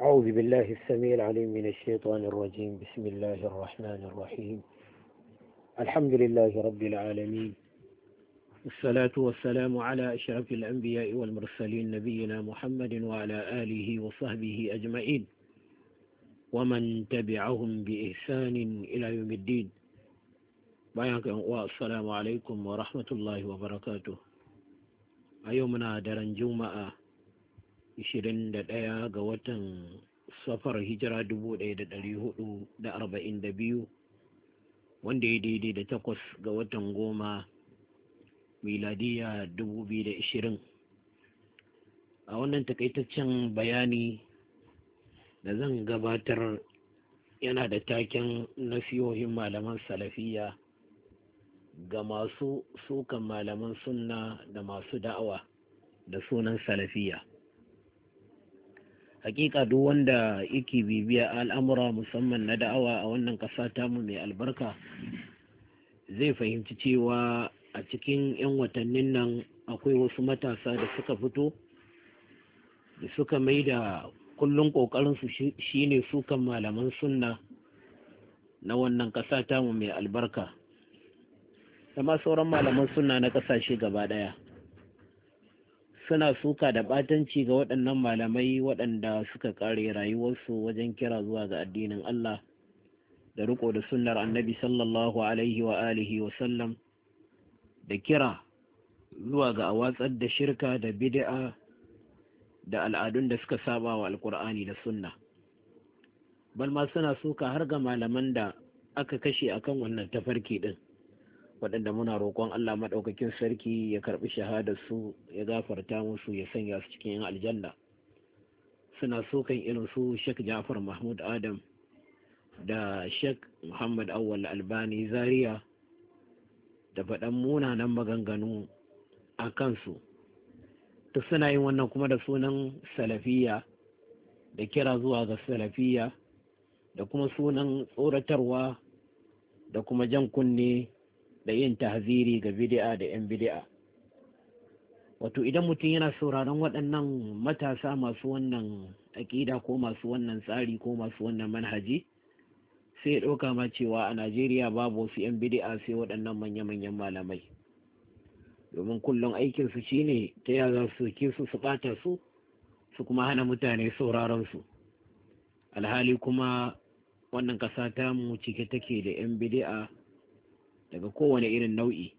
أعوذ بالله السميع العليم من الشيطان الرجيم بسم الله الرحمن الرحيم الحمد لله رب العالمين والصلاة والسلام على أشرف الأنبياء والمرسلين نبينا محمد وعلى آله وصحبه أجمعين ومن تبعهم بإحسان إلى يوم الدين بيانك والسلام عليكم ورحمة الله وبركاته أيومنا درن جمعة 21 ga watan safar hijira 1442 wanda ya daidai da takwas ga watan goma miladiya 2020 a wannan takaitaccen bayani da zan gabatar yana da taken nasihohin malaman salafiya ga masu sukan malaman sunna da masu da'awa da sunan salafiya hakika duk wanda yake bibiya al'amura musamman na da'awa a wannan ƙasa tamu mai albarka zai fahimci cewa a cikin 'yan watannin nan akwai wasu matasa da suka fito da suka mai da kullum ƙoƙarinsu shine sukan malaman sunna na wannan ƙasa tamu mai albarka da ma sauran malaman sunna na ƙasashe gaba ɗaya suna suka da ɓatanci ga waɗannan malamai waɗanda suka ƙare rayuwarsu wajen kira zuwa ga addinin Allah da riko da sunnar annabi sallallahu alaihi wa alihi wa sallam da kira zuwa ga awatsar da shirka da bid'a da al'adun da suka saba wa alkur'ani da sunna balma suna suka har ga malaman da aka kashe akan wannan tafarki ɗin. waɗanda muna roƙon Allah maɗaukakin sarki ya karɓi su ya gafarta musu ya sanya su cikin 'yan aljanna suna sukan irin su Sheikh Ja'far Mahmud Adam da Sheikh Muhammad Awwal Albani Zaria da faɗan munanan maganganu a kansu to suna yin wannan kuma da sunan salafiya da kira zuwa ga salafiya da kuma sunan tsoratarwa da kuma jan kunne da yin tahziri ga bidi'a da 'yan bid'a wato idan mutum yana sauraron waɗannan matasa masu wannan aƙida ko masu wannan tsari ko masu wannan manhaji sai ya ɗauka ma cewa a najeriya babu wasu 'yan bidi'a sai waɗannan manya-manyan malamai domin kullum aikinsu ne ta ya za su ke su su ɓata su su kuma hana mutane sauraron su alhali kuma wannan ƙasa ta mu cike take da 'yan bidi'a. daga kowane irin nau'i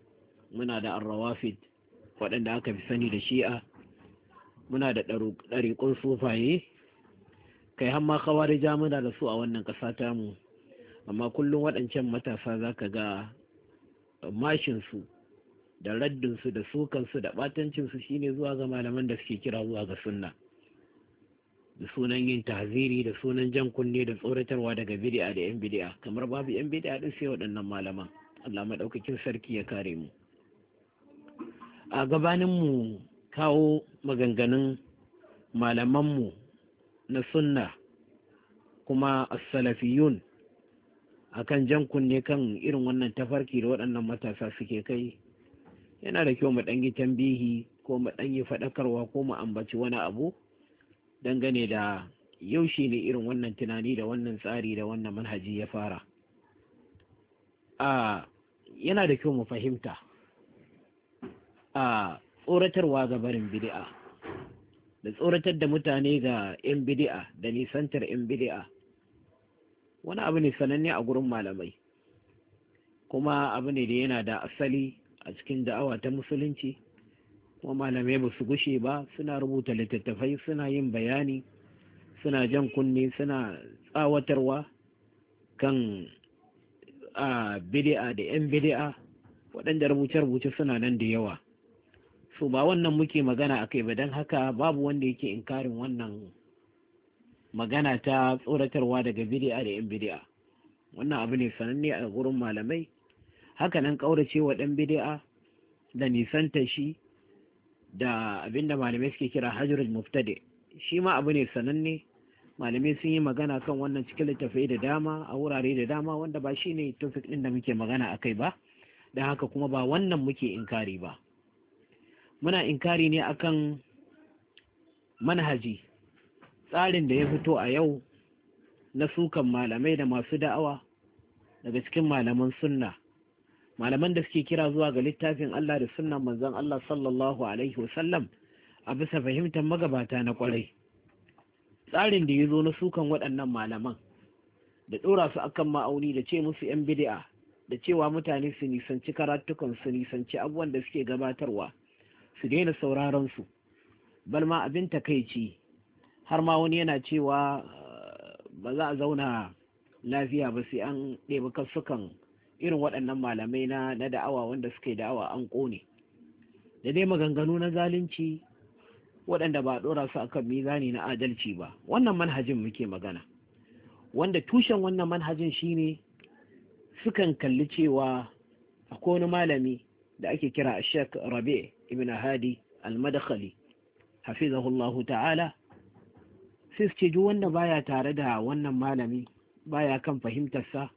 muna da arrawafid waɗanda aka fi sani da shi'a muna da ɗariƙun sufaye kai hamma ja muna da su a wannan ƙasa mu. amma kullum waɗancan matasa za ka ga eh, mashinsu da raddinsu da sukansu da ɓatancinsu shine zuwa ga malaman da suke kira zuwa ga sunna da sunan yin tahziri da sunan jan kunne da tsoratarwa daga bidi'a da yan bidi'a kamar babu yan bidi'a din sai waɗannan malaman Allah maɗaukakin sarki ya kare mu a gabanin mu kawo maganganun malamanmu na sunna kuma asalafiyun salafiyun kan jan kunne kan irin wannan tafarki da waɗannan matasa suke kai yana da kyau mu ɗan yi tambihi ko mu yi faɗakarwa ko mu ambaci wani abu dangane da yaushe ne irin wannan tunani da wannan tsari da wannan manhaji ya fara yana da kyau mu fahimta a tsoratarwa ga barin bidi'a, da tsoratar da mutane ga 'yan bidi'a, da nisantar 'yan bidi'a. wani abu ne sananne a gurin malamai kuma abu ne da yana da asali a cikin da'awa ta musulunci kuma malamai ba su gushe ba suna rubuta littattafai suna yin bayani suna jan kunne suna tsawatarwa kan a bidi'a da 'yan bidi'a waɗanda rubuce-rubuce suna nan da yawa su ba wannan muke magana a kai ba don haka babu wanda yake inkarin wannan magana ta tsoratarwa daga bidi'a da 'yan bidi'a wannan abu ne sananne a gurin malamai hakanan ƙaurace wa ɗan bidi'a da nisanta shi da abinda malamai suke kira hajjurul muftade shi ma abu ne sananne malamai sun yi magana kan wannan cikin littafai da dama a wurare da dama wanda ba shi ne tofik ɗin da muke magana a kai ba da haka kuma ba wannan muke inkari ba muna inkari ne akan manhaji tsarin da ya fito a yau na sukan malamai da masu da'awa daga cikin malaman sunna malaman da suke kira zuwa ga littafin Allah da sunnan manzon Allah sallallahu alaihi wasallam a bisa fahimtar magabata na kwarai tsarin da ya zo na sukan waɗannan malaman da ɗora su akan ma'auni da ce musu 'yan bidi'a da cewa mutane su nisanci karatukan su nisanci abubuwan da suke gabatarwa su daina sauraron su balma abin takaici har ma wani yana cewa ah, ba za a zauna lafiya ba sai an ɗebi kasukan irin waɗannan malamai na na da'awa wanda suke da'awa an ƙone da dai maganganu na zalunci waɗanda ba a ɗora su akan mizani na adalci ba wannan manhajin muke magana wanda tushen wannan manhajin shine sukan kalli cewa akwai wani malami da ake kira Sheikh Rabi ibn Hadi al-Madkhali hafizahullahu ta'ala sai su ce duk wanda baya tare da wannan malami baya kan fahimtarsa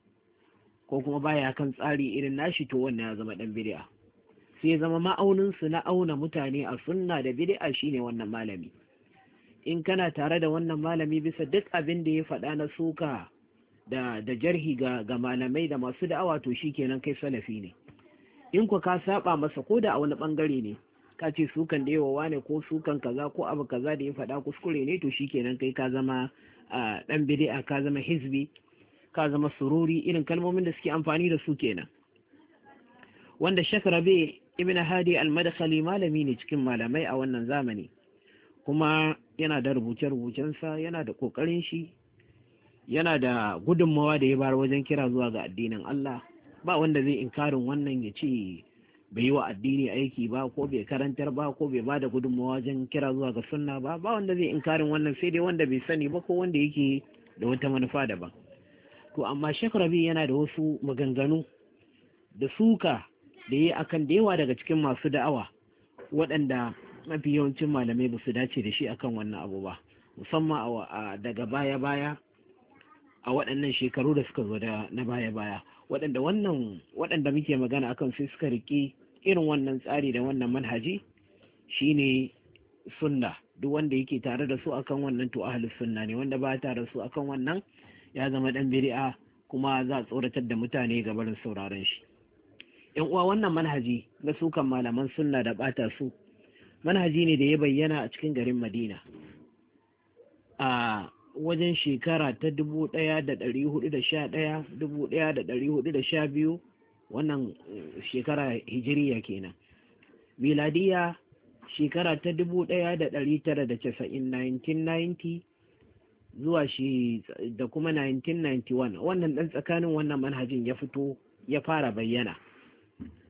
ko kuma baya kan tsari irin nashi to wannan ya zama dan bid'a sai zama ma'auninsu na auna mutane a sunna da bid'a shine wannan malami in kana tare da wannan malami bisa duk abin da ya faɗa na suka da da jarhi ga ga malamai da masu da'awa to shikenan kai salafi ne in ku ka saba masa ko da a wani bangare ne ka ce sukan da yawa ne ko sukan kaza ko abu kaza da ya faɗa kuskure ne to shikenan kai ka zama dan bid'a ka zama hizbi ka zama sururi irin kalmomin da suke amfani da su kenan wanda shakara ibn hadi al-madkhali malami ne cikin malamai a wannan zamani kuma yana da rubuce-rubucensa yana da kokarin shi yana da gudunmawa da ya bar wajen kira zuwa ga addinin Allah ba wanda zai inkarin wannan ya ce bai yi wa addini aiki ba ko bai karantar ba ko bai bada gudunmawa wajen kira zuwa ga sunna ba ba wanda zai inkarin wannan sai dai wanda bai sani ba ko wanda yake da wata manufa daban to amma Sheikh Rabi yana da wasu maganganu da suka da yi akan da yawa daga cikin masu da'awa waɗanda mafi yawancin malamai ba su dace da shi a kan wannan abu ba musamman daga baya-baya a waɗannan shekaru da suka zo da na baya-baya waɗanda wannan waɗanda muke magana akan sai suka riƙe irin wannan tsari da wannan manhaji shine sunna duk wanda yake tare da su akan wannan to ahlus sunna ne wanda ba tare da su akan wannan ya zama ɗan biri'a kuma za a tsoratar da mutane ga barin sauraron shi yan uwa wannan manhaji na sukan malaman sunna da bata su manhaji ne da ya bayyana a cikin garin madina a wajen shekara ta 1411 1412 wannan eh, shekara hijiriya kenan miladiya shekara ta 1990 zuwa shi da kuma 1991 wannan dan tsakanin wannan manhajin ya fito ya fara bayyana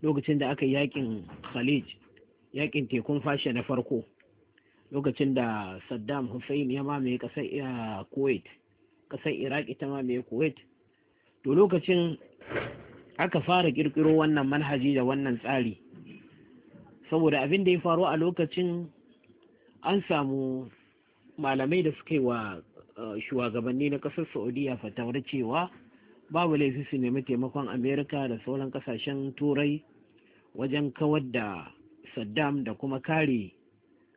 lokacin da aka yakin khalij yakin tekun fashe na farko lokacin da saddam hussein ya mamaye kasar eh, kuwait kasar iraq ita mamaye kuwait to lokacin aka fara kirkiro wannan manhaji da wannan tsari saboda abin da ya faru a lokacin an samu malamai da suka yi wa eh, shugabanni na kasar saudiya fatawar cewa babu laifi su nemi taimakon amerika da sauran kasashen turai wajen kawar da saddam da kuma kare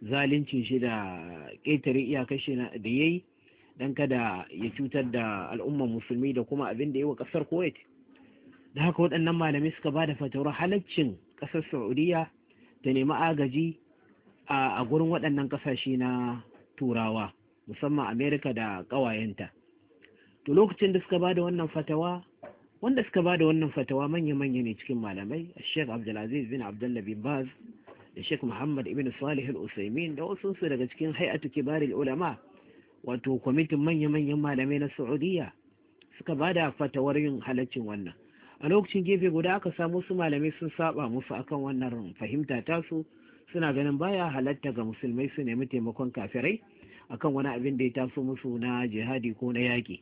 zalincin shi da ƙetare iyakar shi da ya yi don kada ya cutar da al'ummar musulmi da kuma abin da ya wa ƙasar kuwait da haka waɗannan malamai suka ba da fatawar halaccin ƙasar saudiya ta nemi agaji a gurin waɗannan ƙasashe na turawa musamman amerika da ƙawayenta to lokacin da suka bada wannan fatawa wanda suka bada wannan fatawa manya-manya ne cikin malamai a Sheikh Abdulaziz bin Abdullah bin Baz da shek Muhammad ibn Salih al-Usaimin da wasu su daga cikin hay'atu kibaril ulama wato kwamitin manya-manyan malamai na Saudiya suka bada fatawar yin halaccin wannan a lokacin gefe guda aka samu su malamai sun saba musu akan wannan fahimta tasu suna ganin baya halatta ga musulmai su nemi taimakon kafirai akan wani abin da ya taso musu na jihadi ko na yaƙi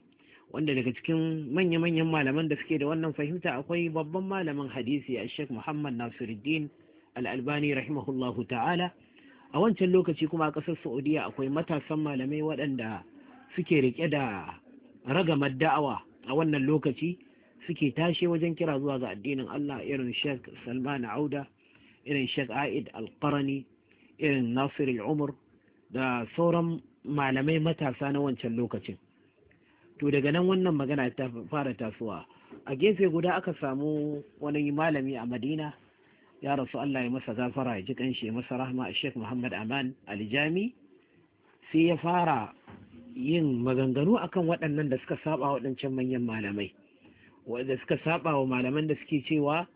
wanda daga cikin manya-manyan malaman da suke da wannan fahimta akwai babban malamin hadisi a sheikh muhammad nasiruddin al'albani rahimahullahu ta'ala a wancan lokaci kuma a ƙasar saudiya akwai matasan malamai waɗanda suke riƙe da ragamar da'awa a wannan lokaci suke tashe wajen kira zuwa ga addinin allah irin sheikh salman auda irin sheikh aid alƙarani irin nasir al'umar da sauran malamai matasa na wancan lokacin to daga nan wannan magana ta fara tasowa a gefe guda aka samu wani malami a madina ya rasu allah ya masa gafara ya ji kanshi ya masa rahma a sheik muhammad aman alijami sai ya fara yin maganganu akan waɗannan da suka saba waɗancan manyan malamai wanda suka saba wa malaman da suke cewa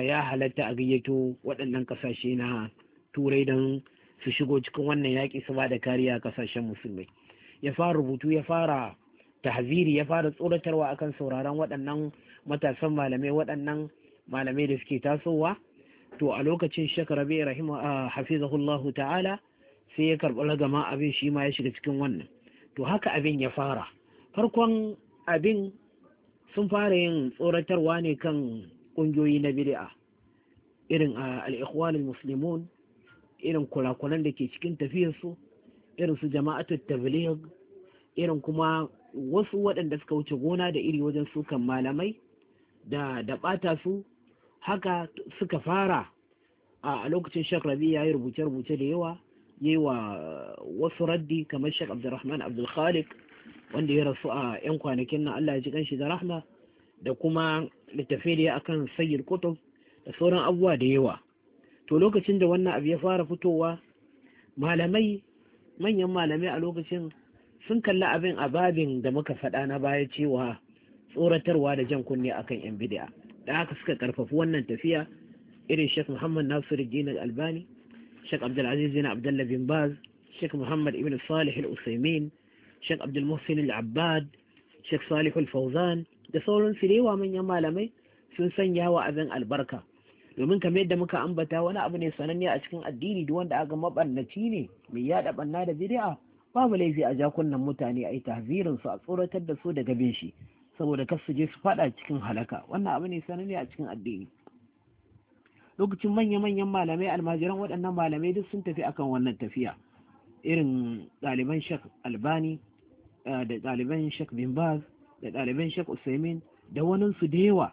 ya halatta a gayyato waɗannan ƙasashe na turai don su shigo cikin wannan yaƙi su ba da kariya a ƙasashen musulmai ya fara rubutu ya fara tahziri ya fara tsoratarwa akan sauraron waɗannan matasan malamai waɗannan malamai da suke tasowa to a lokacin shekara bai rahimu a ah, hafizahullahu ta'ala sai ya karɓi ragama abin shi ma ya shiga cikin wannan to haka abin ya fara farkon abin sun fara yin tsoratarwa ne kan ƙungiyoyi na bid'a irin ah, al-ikhwan muslimun irin kurakuran da ke cikin tafiyarsu irin su jama'atul tabligh irin kuma wasu waɗanda suka wuce gona da iri wajen sukan malamai da da ɓata su haka suka fara a lokacin shek rabi ya yi rubuce-rubuce da yawa ya wa wasu raddi kamar shek abdulrahman abdulkhalik wanda ya rasu a 'yan kwanakin na allah ya ji kanshi da rahma da kuma littafi da ya akan sayyid kutub da sauran abubuwa da yawa to lokacin da wannan abu ya fara fitowa malamai manyan malamai a lokacin sun kalli abin a babin da muka faɗa na baya cewa tsoratarwa da jan kunne akan yan bid'a da haka suka karfafi wannan tafiya irin Sheikh Muhammad Nasiruddin Al-Albani Sheikh Abdul Aziz bin Abdullah bin Baz Sheikh Muhammad Ibn Salih Al-Usaimin Sheikh Abdul Muhsin Al-Abbad Sheikh Salih Al-Fawzan da sauran su manyan malamai sun sanya wa abin albarka domin kamar yadda muka ambata wani abu ne sananne a cikin addini duk wanda aka mabannaci ne mai yada banna da bid'a babu laifi a jakunan mutane a yi tahzirin su a tsoratar da su daga bin shi saboda kar su je su fada cikin halaka wannan abu ne sananne a cikin addini lokacin manya-manyan malamai almajiran waɗannan malamai duk sun tafi akan wannan tafiya irin ɗaliban shek albani eh, da ɗaliban shek bin baz da ɗaliban shak usaimin da waninsu da yawa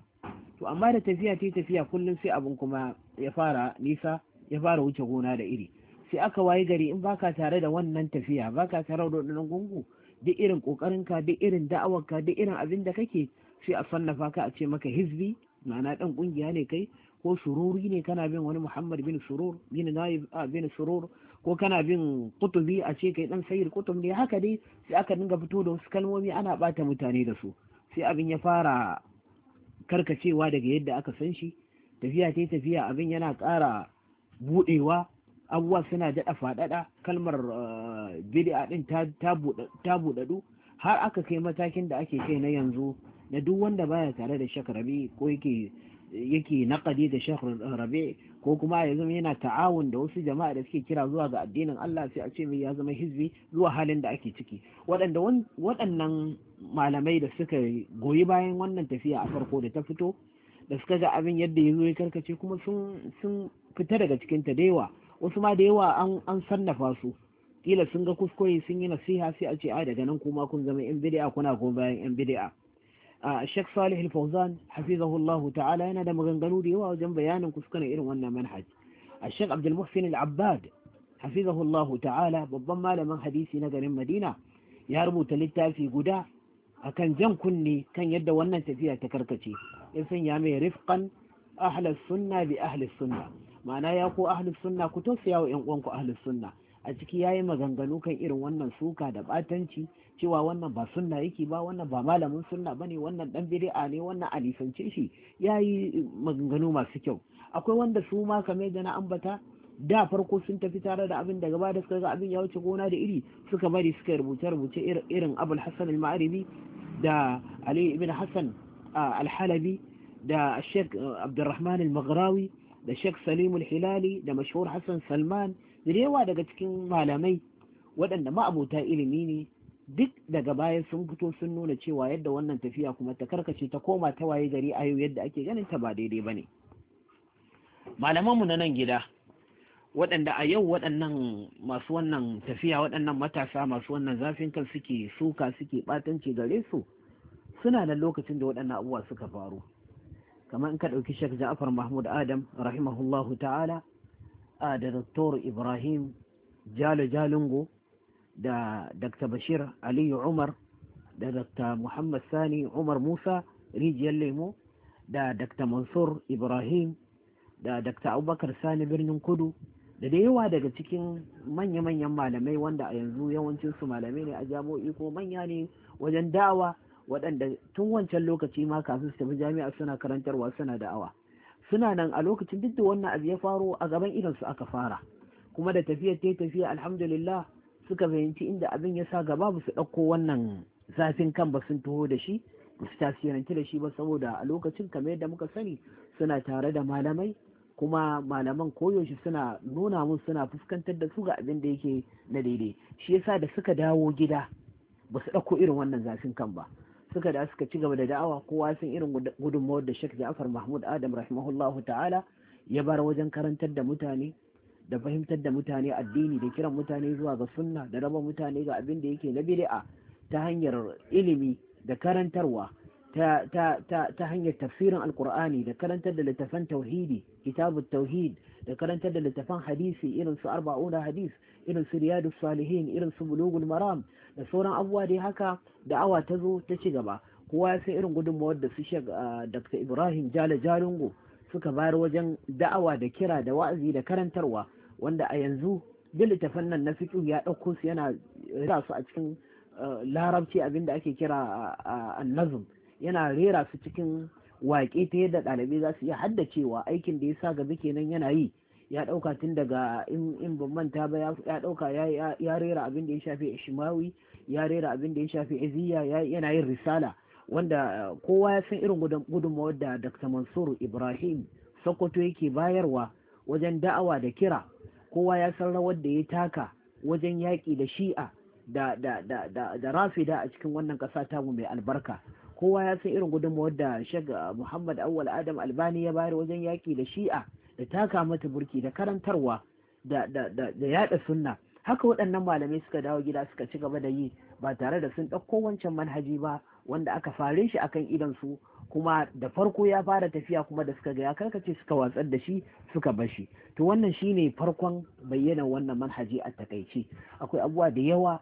to amma da tafiya ta tafiya kullum sai abin kuma ya fara nisa ya fara wuce gona da iri sai aka waye gari in baka tare da wannan tafiya baka tare da wannan gungu duk irin kokarinka duk irin da'awarka duk irin abin da kake sai a sannafa ka a ce maka hizbi ma'ana dan kungiya ne kai ko sururi ne kana bin wani Muhammad bin Surur bin Naib ah, bin Surur ko kana bin Qutbi a ce kai dan Sayyid Qutub ne haka dai sai aka dinga fito da wasu kalmomi ana bata mutane da su sai abin ya fara karkacewa daga yadda aka san shi tafiya tafiya abin yana ƙara budewa abubuwa suna daɗa faɗaɗa kalmar eh, bid'a ɗin ta buɗaɗu har aka kai matakin da ake kai na yanzu na duk wanda baya tare da shek rabi ko yake yake naƙadi da shek rabi ko kuma ya zama yana ta'awun da wasu jama'a da suke kira zuwa ga addinin Allah sai a ce mai ya zama hizbi zuwa halin da ake ciki waɗannan malamai da suka goyi bayan wannan tafiya a farko da ta fito da suka ga abin yadda ya zo ya karkace kuma sun sun fita daga cikin ta da yawa wasu ma da yawa an sannafa su kila sun ga kuskure sun yi nasiha sai a ce a daga nan kuma kun zama yan bid'a kuna kuma bayan yan bid'a a Sheikh Salih Al-Fawzan hafizahullahu ta'ala yana da maganganu da yawa wajen bayanin kuskuren irin wannan manhaj a Sheikh Abdul Muhsin Al-Abbad hafizahullahu ta'ala babban malamin hadisi na garin Madina ya rubuta littafi guda akan jan kunne kan yadda wannan tafiya ta karkace ya sanya mai rifqan ahlus sunna bi ahlus sunna ma'ana ya ko ahlus sunna ku tausaya wa yan uwanku ahlus sunna a ciki yayi maganganu kan irin wannan suka da batanci cewa wannan ba sunna yake ba wannan ba malamin sunna bane wannan dan bid'a ne wannan alisance shi yayi maganganu masu kyau akwai wanda su ma kamar da na ambata da farko sun tafi tare da abin da gaba da suka ga abin ya wuce gona da iri suka bari suka rubuce rubuce irin abul hasan al-ma'aribi da ali ibn hasan al-halabi da sheikh abdurrahman al-maghrawi da Sheikh Salimul Hilali da mashhur Hassan Salman da yawa daga cikin malamai waɗanda ma'abota ilimi ne duk daga baya sun fito sun nuna cewa yadda wannan tafiya kuma ta karkace ta koma ta waye gari yau yadda ake ganin ta ba daidai ba bane malamanmu na nan gida waɗanda a yau waɗannan masu wannan tafiya waɗannan matasa masu wannan zafin kan suke suka suke ɓatanci gare su suna da lokacin da waɗannan abubuwa suka faru kamar in ka ɗauki Sheikh Ja'far Mahmud Adam rahimahullahu ta'ala a da Dr. Ibrahim Jalo Jalingo da Dr. Bashir Aliyu Umar da Dr. Muhammad Sani Umar Musa Rijiyar Lemo da Dr. Mansur Ibrahim da Dr. Abubakar Sani Birnin Kudu da da yawa daga cikin manya-manyan malamai wanda a yanzu yawancinsu malamai ne a jami'o'i ko manya ne wajen dawa waɗanda tun wancan lokaci ma kafin su tafi jami'a suna karantarwa suna da awa suna nan a lokacin duk da wannan abu ya faro a gaban su aka fara kuma da tafiyar ta tafiya alhamdulillah suka fahimci inda abin ya sa gaba ba su ɗauko wannan zafin kan ba sun taho da shi ba su tasirantu da shi ba saboda a lokacin kamar yadda muka sani suna tare da malamai kuma malaman koyaushe suna nuna mun suna fuskantar da su ga abin da yake na daidai shi yasa da suka dawo gida ba su ɗauko irin wannan zafin kan ba suka da suka ci gaba da da'awa kowa sun irin gudunmawar da Sheikh Ja'far Mahmud Adam rahimahullahu ta'ala ya bar wajen karantar da mutane da fahimtar da mutane addini da kiran mutane zuwa ga sunna da raba mutane ga abin da yake na bid'a ta hanyar ilimi da karantarwa ta, ta, ta, ta hanyar tafsirin alkur'ani da karantar da littafan tauhidi kitabut tauhid da karantar da littafan hadisi irin su arba'una hadis irin su riyadu salihin irin su bulugul maram da sauran abubuwa dai haka da'awa ta zo ta ci gaba kowa ya san irin gudunmawar da su shek ah, dr ibrahim jala jalingo suka bayar wajen da'awa da kira da wa'azi da karantarwa wanda a yanzu duk littafan nan na fiƙi ya ɗauko su yana rera su a cikin ah, larabci abin da ake kira a ah, nazum yana rera su cikin waƙe ta yadda ɗalibai za su iya haddacewa aikin da ya sa gaba kenan yana yi ya ɗauka tun daga in ban manta ba ya ɗauka ya rera abin da ya shafi ishmawi ya rera abin da ya shafi Ziya yana yin risala wanda uh, kowa ya san irin gudunmawar da dr mansur ibrahim sokoto yake bayarwa wajen da'awa da kira kowa ya san rawar da ya taka wajen yaƙi da shi'a da rafida a cikin wannan ƙasa mu mai albarka kowa ya san irin gudunmawar da shag uh, muhammad awwal adam albani ya bayar wajen yaƙi da shi'a da taka mata burki da karantarwa da yada sunna haka waɗannan malamai suka dawo gida suka ci gaba da yi ba tare da sun ɗauko wancan manhaji ba wanda aka fare shi akan idan su kuma da farko ya fara tafiya kuma da suka ga ya karkace suka watsar da shi suka bar shi to wannan shine farkon bayyana wannan manhaji a takaici akwai abubuwa da yawa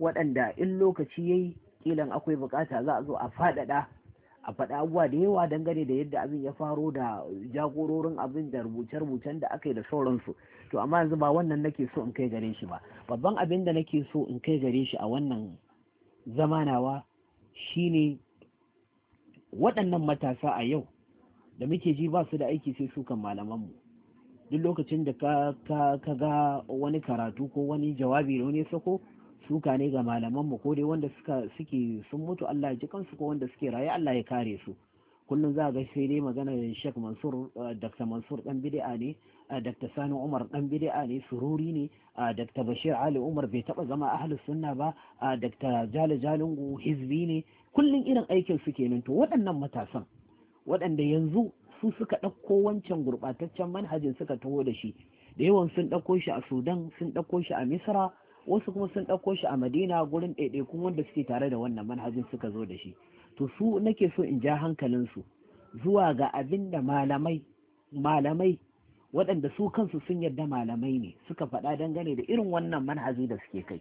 waɗanda in lokaci yayi kilan akwai bukata za a zo a faɗaɗa a faɗi abubuwa da yawa dangane da yadda abin ya faro da jagororin abin da rubuce-rubucen da aka yi da sauransu to amma yanzu ba wannan nake so in kai gare shi ba babban abin da nake so in kai gare shi a wannan zamanawa shine waɗannan matasa a yau da muke ji ba su da aiki sai su kan malamanmu duk lokacin da ka, ga wani karatu ko wani jawabi da wani sako suka ne ga malaman mu ko dai wanda suka suke sun mutu Allah ya ji kansu ko wanda suke raye Allah ya kare su kullum za ga sai dai magana da Sheikh Mansur eh, Dr. Mansur dan bid'a ne eh, Dr. Sani Umar dan bid'a ne sururi ne eh, Dr. Bashir Ali Umar bai taba zama ahlus sunna ba Dr. Jalo Jalungu hizbi ne kullum irin aikin su nan to waɗannan matasan waɗanda yanzu su suka ɗauko wancan gurɓataccen manhajin suka taho da shi da yawan sun ɗauko shi a Sudan sun ɗauko shi a Misra wasu kuma sun ɗauko shi a madina gurin ɗaiɗaikun wanda suke tare da wannan manhajin suka zo da shi to su nake so in ja hankalinsu zuwa ga abin da malamai malamai waɗanda su kansu sun yarda malamai ne suka faɗa dangane da irin wannan manhaji da suke kai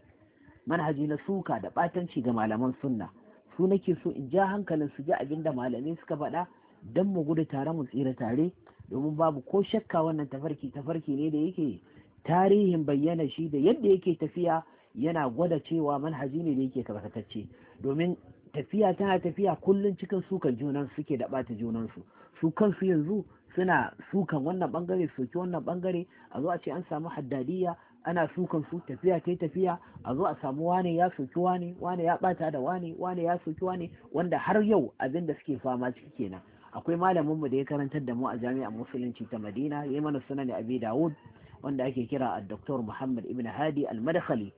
manhaji na suka da ɓatanci ga malaman sunna su nake so in ja hankalin su ji abin da malamai suka faɗa don mu gudu tare mu tsira tare domin babu ko shakka wannan tafarki tafarki ne da yake tarihin bayyana shi da yadda yake tafiya yana gwada cewa manhaji ne da yake tabbatacce domin tafiya tana tafiya kullum cikin sukan junan suke da bata junansu su kansu yanzu suna sukan wannan bangare soki wannan bangare a zo a ce an samu haddadiya ana sukan su tafiya kai tafiya a zo a samu wane ya soki wane wane ya bata da wane wane ya soki wane wanda har yau abin da suke fama ciki kenan akwai malamin mu da ya karantar da mu a jami'ar musulunci ta Madina yayi mana sunan Abi Dawud wanda ake kira a Dr. Muhammad Ibn Hadi al-Madkhali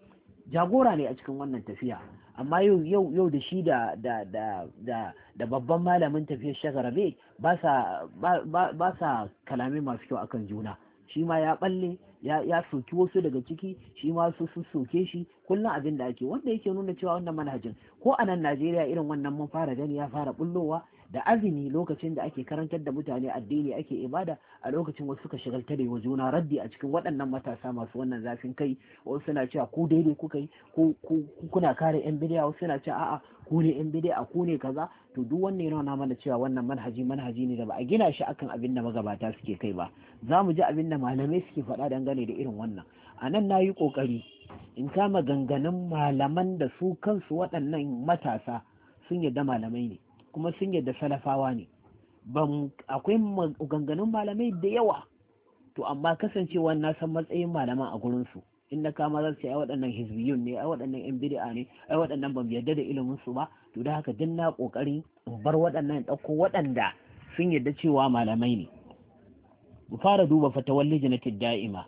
jagora ne a cikin wannan tafiya amma yau yau yau da shi da da da da, da babban malamin tafiyar shagarabe ba sa ba, sa kalamai masu kyau akan juna shi ma ya balle ya ya soki wasu daga ciki shi ma su su soke shi kullum abin da ake wanda yake nuna cewa wannan manhajin ko a nan Najeriya irin wannan mun fara gani ya fara bullowa da azumi lokacin da ake karantar da mutane addini ake ibada a lokacin wasu suka shigalta da juna raddi a cikin waɗannan matasa masu wannan zafin kai wasu suna cewa ku daidai kuka yi ko kuna kare yan bidiya wasu suna cewa a'a ku ne yan bidiya ku ne kaza to duk wannan yana mana cewa wannan manhaji manhaji ne da ba a gina shi akan abin da magabata suke kai ba za mu ji abin da malamai suke faɗa dangane da irin wannan a nan na yi ƙoƙari in kama ganganin malaman da su kansu waɗannan matasa sun yarda malamai ne kuma sun yadda salafawa ne akwai maganganun malamai da yawa to amma kasancewa na san matsayin malaman a gurinsu in na kama za su ai waɗannan hizbiyun ne ai waɗannan yan bid'a ne ai waɗannan ban yarda da ilimin su ba to da haka din na kokari in bar waɗannan ɗauko waɗanda sun yarda cewa malamai ne mu fara duba fatawar lijinatin da'ima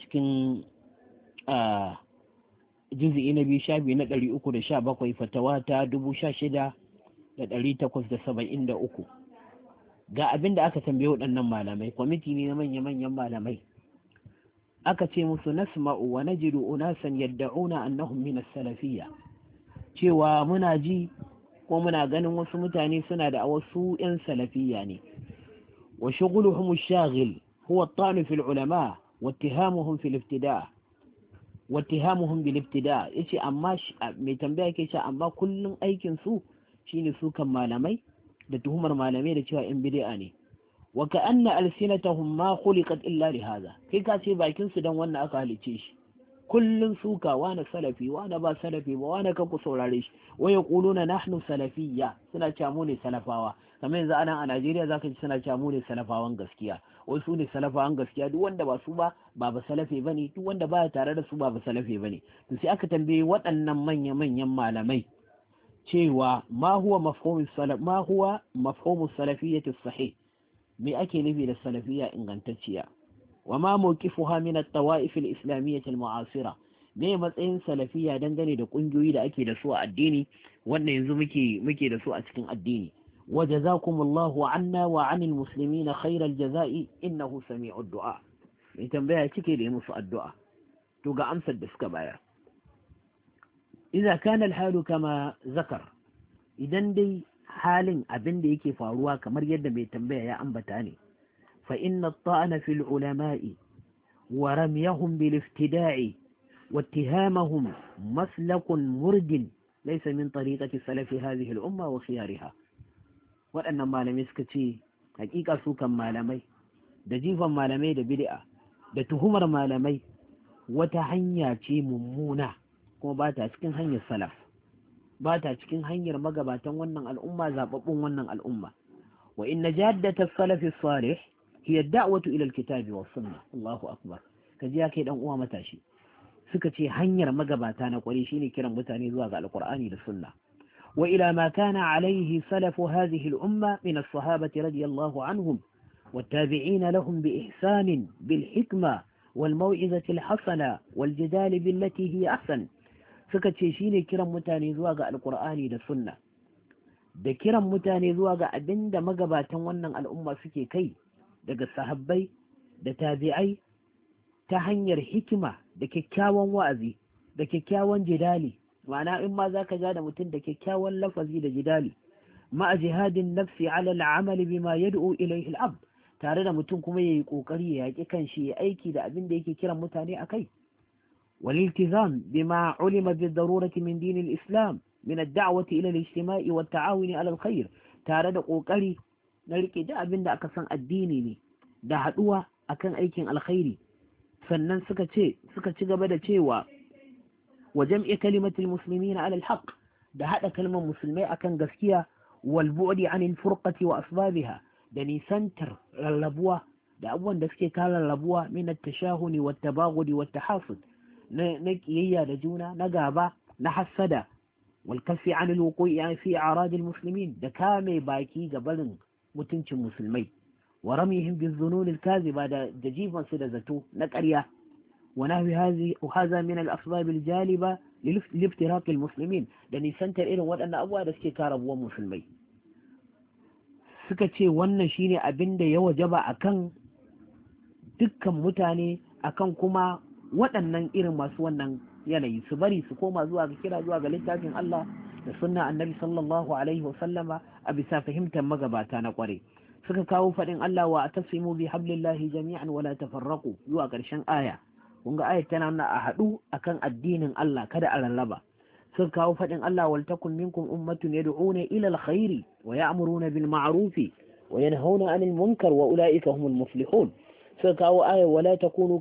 cikin ah, juzi'i na biyu sha biyu na ɗari uku da sha bakwai fatawa ta dubu sha shida da ɗari takwas da saba'in da uku ga abin da aka tambaye waɗannan malamai kwamiti ne na manya-manyan malamai aka ce musu nasma'u wa najidu unasan yadda'una annahum min as-salafiyya cewa muna ji ko muna ganin wasu mutane suna da wasu 'yan salafiyya ne wa shughuluhum ash-shaghil huwa at-ta'nu fil ulama wa ittihamuhum fil ibtida' wa ittihamuhum bil ibtida' yace amma mai tambaya ke cewa amma kullun aikin su shine sukan malamai da tuhumar malamai da cewa in bid'a ne wa ka anna alsinatahum ma khuliqat illa li hadha kai ka ce bakin su dan wannan aka halice shi kullun suka wani salafi wani ba salafi ba wani kan ku saurare shi wa yaquluna nahnu salafiyya suna cewa mu ne salafawa kamar yanzu anan a Najeriya zaka ji suna cewa mu ne salafawan gaskiya wasu ne salafawan gaskiya duk wanda ba su ba ba ba salafe bane duk wanda baya tare da su ba ba salafe bane to sai aka tambaye waɗannan manya manyan malamai cewa ma huwa mafhumus salaf ma huwa mafhumus sahih me ake nufi da salafiyya ingantacciya wa ma mawqifuha min at-tawa'if al-islamiyyah al-mu'asira me matsayin salafiyya dangane da kungiyoyi da ake da su a addini wanda yanzu muke muke da su a cikin addini wa jazakumullahu anna wa 'anil muslimina khairal jazai innahu sami'ud du'a mai tambaya kike da musu addu'a to ga amsar da suka bayar إذا كان الحال كما ذكر إذن دي حال أبن دي كيف أرواك مريد بيتنبيع يا أنبتاني فإن الطعن في العلماء ورميهم بالافتداء واتهامهم مسلق مرد ليس من طريقة السلف هذه الأمة وخيارها وأن ما لم يسكتي حقيقة سوكا ما لمي دجيفا ما لمي دبدئة دتهمر ما لمي وتحنياتي ممونة kuma ba ta cikin hanyar salaf ba ta cikin hanyar magabatan wannan al'umma zababbun wannan al'umma wa inna jaddata salaf salih hiya da'watu ila alkitabi was sunnah Allahu akbar kaji ya kai dan uwa matashi suka ce hanyar magabata na kwari shine kiran mutane zuwa ga alqur'ani da sunna wa ila ma kana alayhi salafu hadhihi al-umma min as-sahabati radiyallahu anhum والتابعين لهم بإحسان بالحكمة والموعظة الحسنة والجدال بالتي هي أحسن suka ce shi ne kiran mutane zuwa ga alkur'ani da sunna da kiran mutane zuwa ga abin da magabatan wannan al'umma suke kai daga sahabbai da tabi'ai ta hanyar hikima da kyakkyawan wa'azi da kyakkyawan jidali ma'ana in ma za ka ja da mutum da kyakkyawan lafazi da jidali ma'a jihadin nafsi ala al'amali bima yad'u ilayhi al'abd tare da mutum kuma yayi kokari ya yaki kanshi ya aiki da abin da yake kiran mutane a kai? والالتزام بما علم بالضرورة من دين الإسلام من الدعوة إلى الاجتماع والتعاون على الخير تارد قوكري نالك جاء بند أكسان الديني لي دا حدوة أكان أيكين الخيري فنن سكا تشي سكا تشي غبدا تشي و وجمع كلمة المسلمين على الحق دا حدا كلمة مسلمة أكان غسكية والبعد عن الفرقة وأسبابها دا نيسانتر للبوة دا أول دا سكي كالا للبوة من التشاهن والتباغد والتحافظ na kiyayya da juna na gaba na hassada walkafi kafi an alwuqi an fi aradil muslimin da kame baki ga barin mutuncin musulmai wa ramihim bizunun alkaziba da jifan su da zato na karya wa nahwi hazi hadha min al jaliba للافتراق المسلمين da nisantar irin waɗannan abubuwa da suke kara buwan musulmai suka ce wannan shine abin da ya wajaba akan dukkan mutane akan kuma waɗannan irin masu wannan yanayi su bari su koma zuwa ga kira zuwa ga littafin Allah da sunna annabi sallallahu alaihi wasallama a bisa fahimtar magabata na kware suka kawo faɗin Allah wa atasimu bi hablillahi jami'an wala tafarraqu zuwa ƙarshen aya kun ga ayat tana nuna a haɗu akan addinin Allah kada a rarraba suka kawo faɗin Allah wal takun minkum ummatun yad'una ila alkhairi wa ya'muruna bil ma'rufi wa yanhauna 'anil munkar wa ulaika humul muflihun suka kawo ayar wala takunu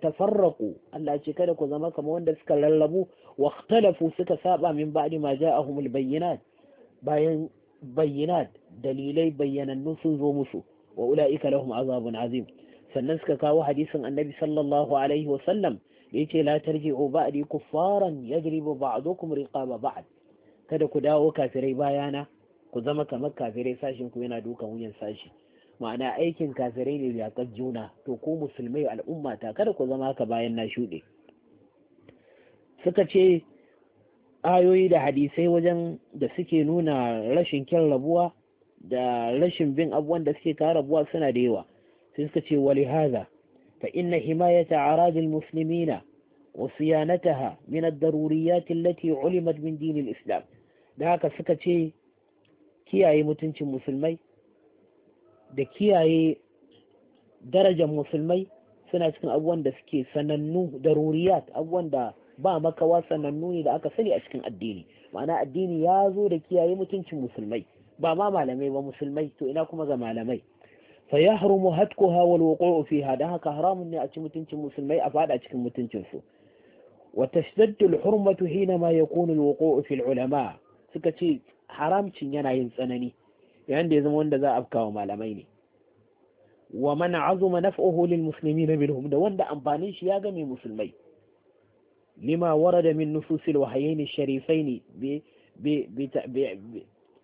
ta farraku Allah ce kada ku zama kamar wanda suka lallabu wa suka saba min ba'di ma ja'ahumul bayyinat bayan bayyinat dalilai bayyanannu sun zo musu wa ulaika lahum azabun azim sannan suka kawo hadisin annabi sallallahu alaihi wa sallam da yace la tarji'u ba'di kuffaran yadribu ba'dukum riqaba ba'd kada ku dawo kafirai bayana ku zama kamar kafirai sashin ku yana dukan wuyan sashi ma'ana aikin kafirai ne yaƙar juna to ko musulmai al'umma ta kada ku zama ka bayan na shuɗe suka ce ayoyi da hadisai wajen da suke nuna rashin kyan rabuwa da rashin bin abubuwan da suke kawo rabuwa suna da yawa sai suka ce wali haza fa inna himayata aradil muslimina wa siyanataha min ad-daruriyat allati ulimat min din al-islam da haka suka ce kiyaye mutuncin musulmai da kiyaye darajar musulmai suna cikin abubuwan da suke sanannu da ruriyat abubuwan da ba makawa sanannu ne da aka sani a cikin addini ma'ana addini ya zo da kiyaye mutuncin musulmai ba ma malamai ba musulmai to ina kuma ga malamai fa yahrumu hatkuha wal wuqu'u fiha dan haka haramun ne a cikin mutuncin musulmai a fada cikin mutuncin su wa tashaddadu al hurmatu hina ma yakunu al wuqu'u fi al ulama suka ce haramcin yana yin tsanani yayin da ya zama wanda za a afkawa malamai ne wa man azuma naf'uhu lil muslimina bihum da wanda amfanin shi ya ga mai musulmai lima warada min nususil wahayaini sharifaini bi bi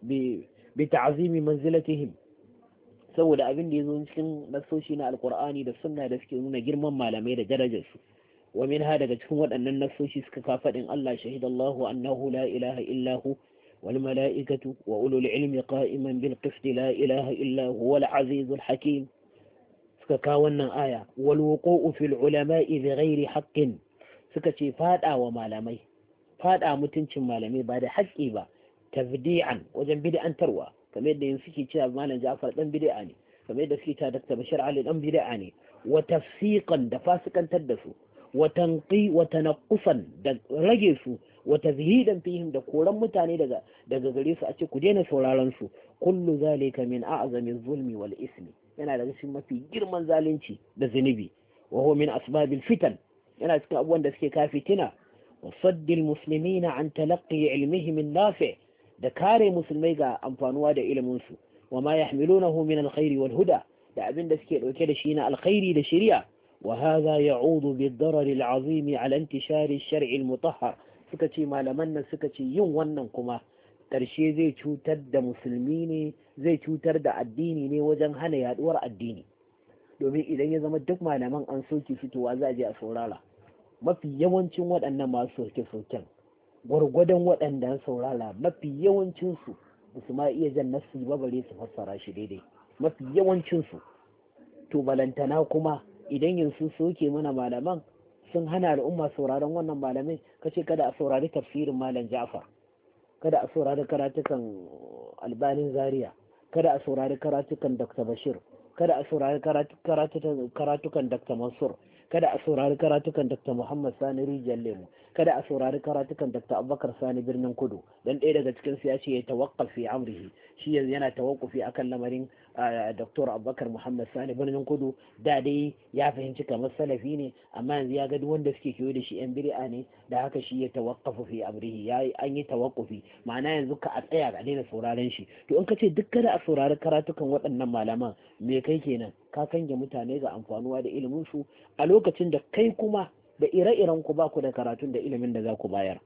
bi bi ta'zimi manzilatihim saboda abin da yazo cikin nasoshi na alqur'ani da sunna da suke nuna girman malamai da darajar su wa min hada daga cikin waɗannan nasoshi suka ka Allah shahidallahu annahu la ilaha illahu والملائكة وأولو العلم قائما بالقسط لا إله إلا هو العزيز الحكيم فكاونا آية والوقوع في العلماء بغير حق سكتي فادا ومالمي فادا متنش مالمي بعد حقي با تفديعا وجن بدعا تروى كما يدى ينسكي تشاب مالا جعفر دم بدعاني كما يدى سكي تادكت بشر علي دم بدعاني وتفسيقا دفاسقا تدسو وتنقي وتنقصا رجسو wa tazhidan fihim da koran mutane daga daga gare su a ce ku daina sauraron su kullu zalika min a'zami zulmi wal ismi yana daga cikin mafi girman zalunci da zunubi wa huwa min asbabil fitan yana cikin abubuwan da suke ka fitina wa saddil muslimina an talaqqi ilmihim nafi da kare musulmai ga amfanuwa da ilimin su wa ma yahmilunahu min alkhairi wal huda da abin da suke dauke da shi na alkhairi da shari'a وهذا يعود بالضرر العظيم على انتشار الشرع المطهر suka ce malaman nan suka ce yin wannan kuma ƙarshe zai cutar da musulmi ne zai cutar da addini ne wajen hana yaduwar addini domin idan ya zama duk malaman an soke fitowa za a je a saurara mafi yawancin waɗannan masu soke-soken gwargwadon waɗanda saurara mafi yawancinsu ba su ma iya jan nasu ba bare su fassara shi daidai mafi yawancinsu to balantana kuma idan yanzu soke mana malaman sun hana al'umma sauraron wannan malamai kace kada a saurari tafsirin malam Ja'far kada a saurari karatukan albanin zaria kada a saurari karatukan dr bashir kada a saurari karatukan dr mansur kada a saurari karatukan dr muhammad sani rijiyar lemu kada a saurari karatukan Dr. Abubakar Sani Birnin Kudu dan ɗaya daga cikin su ya ce ya tawakkafi amrihi shi yanzu yana tawakkufi akan lamarin Dr. Abubakar Muhammad Sani Birnin Kudu da dai ya fahimci kamar salafi ne amma yanzu ya ga duk wanda suke kewaye da shi yan bir'a ne da haka shi ya tawakkafu fi amrihi ya an yi tawakkufi ma'ana yanzu ka a tsaya a daina sauraron shi to in ka ce duk kada a saurari karatukan waɗannan malaman me kai kenan ka kange mutane ga amfanuwa da ilimin su a lokacin da kai kuma da ire-iren ku ba ku da karatun da ilimin da za ku bayar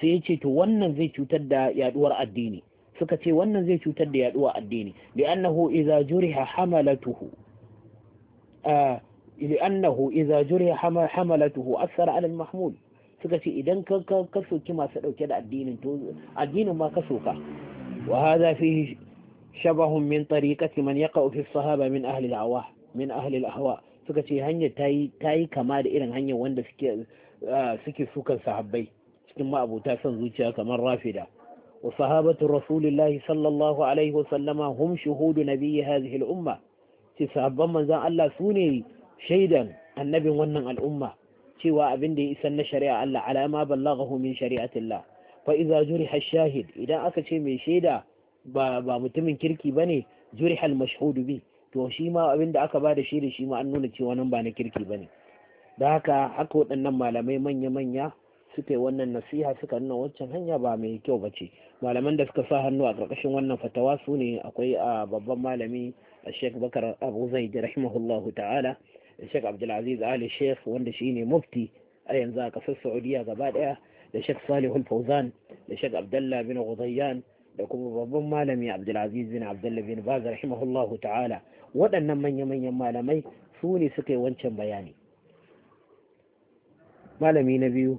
sai ya ce to wannan zai cutar da yaduwar addini suka ce wannan zai cutar da yaduwar addini bi annahu idza juriha hamalatuhu لأنه إذا جري حملته أثر على المحمول suka ce idan ka soki masu ɗauke da addinin to addinin ma ka soka wa hadha fihi shabahun min tariqati man yaqa fi sahaba min ahli al-awa min ahli al-ahwa suka ce hanyar ta yi kama da irin hanyar wanda suke sukan sahabbai cikin ma'abuta son zuciya kamar rafida wa sahabatu rasulillahi sallallahu alaihi wasallama hum shuhudu nabiyyi hadhihi al-umma ce sahabban manzon Allah su ne shaidan annabin wannan al'umma cewa abin da ya isan na shari'a Allah alama ballaghahu min shari'atillah fa idza juriha shahid idan aka ce mai shaida ba ba mutumin kirki bane juriha al-mashhud bi to shi ma abin da aka ba da shaida shi ma an nuna cewa nan ba na kirki ba ne da haka haka waɗannan malamai manya-manya suka yi wannan nasiha suka nuna wancan hanya ba mai kyau ba ce malaman da suka sa hannu a ƙarƙashin wannan fatawa su ne akwai a babban malami a sheik bakar abu zai rahimahullahu ta'ala da sheik abdulaziz ali sheik wanda shi ne mufti a yanzu a ƙasar saudiya gaba ɗaya da sheik salihul fauzan da sheik abdallah bin ghuzayyan da kuma babban malami abdulaziz bin abdallah bin baz rahimahullahu ta'ala waɗannan manya-manyan malamai su ne suka yi wancan bayani malami na biyu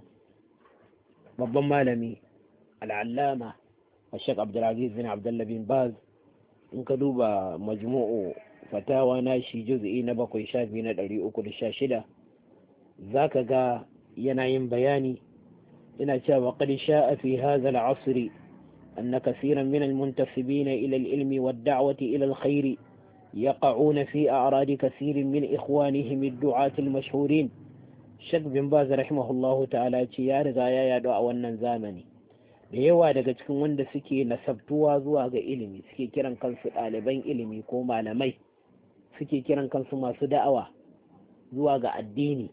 babban malami al'allama a shek abdulaziz bin abdullah baz in ka duba majmu'u fatawa na shi juzi'i na bakwai sha biyu na ɗari uku da sha shida za ka ga yana yin bayani ina cewa Sha sha'a fi hadha al-'asr minan كثيرا من ilal ilmi العلم والدعوة إلى Ya يقعون في أعراض aradi من إخوانهم الدعاة المشهورين شك بن باز رحمه الله ya riga ya yadu a wannan zamani da yawa daga cikin wanda suke nasabtuwa zuwa ga ilimi suke kiran kansu ɗaliban ilimi ko malamai suke kiran kansu masu da'awa zuwa ga addini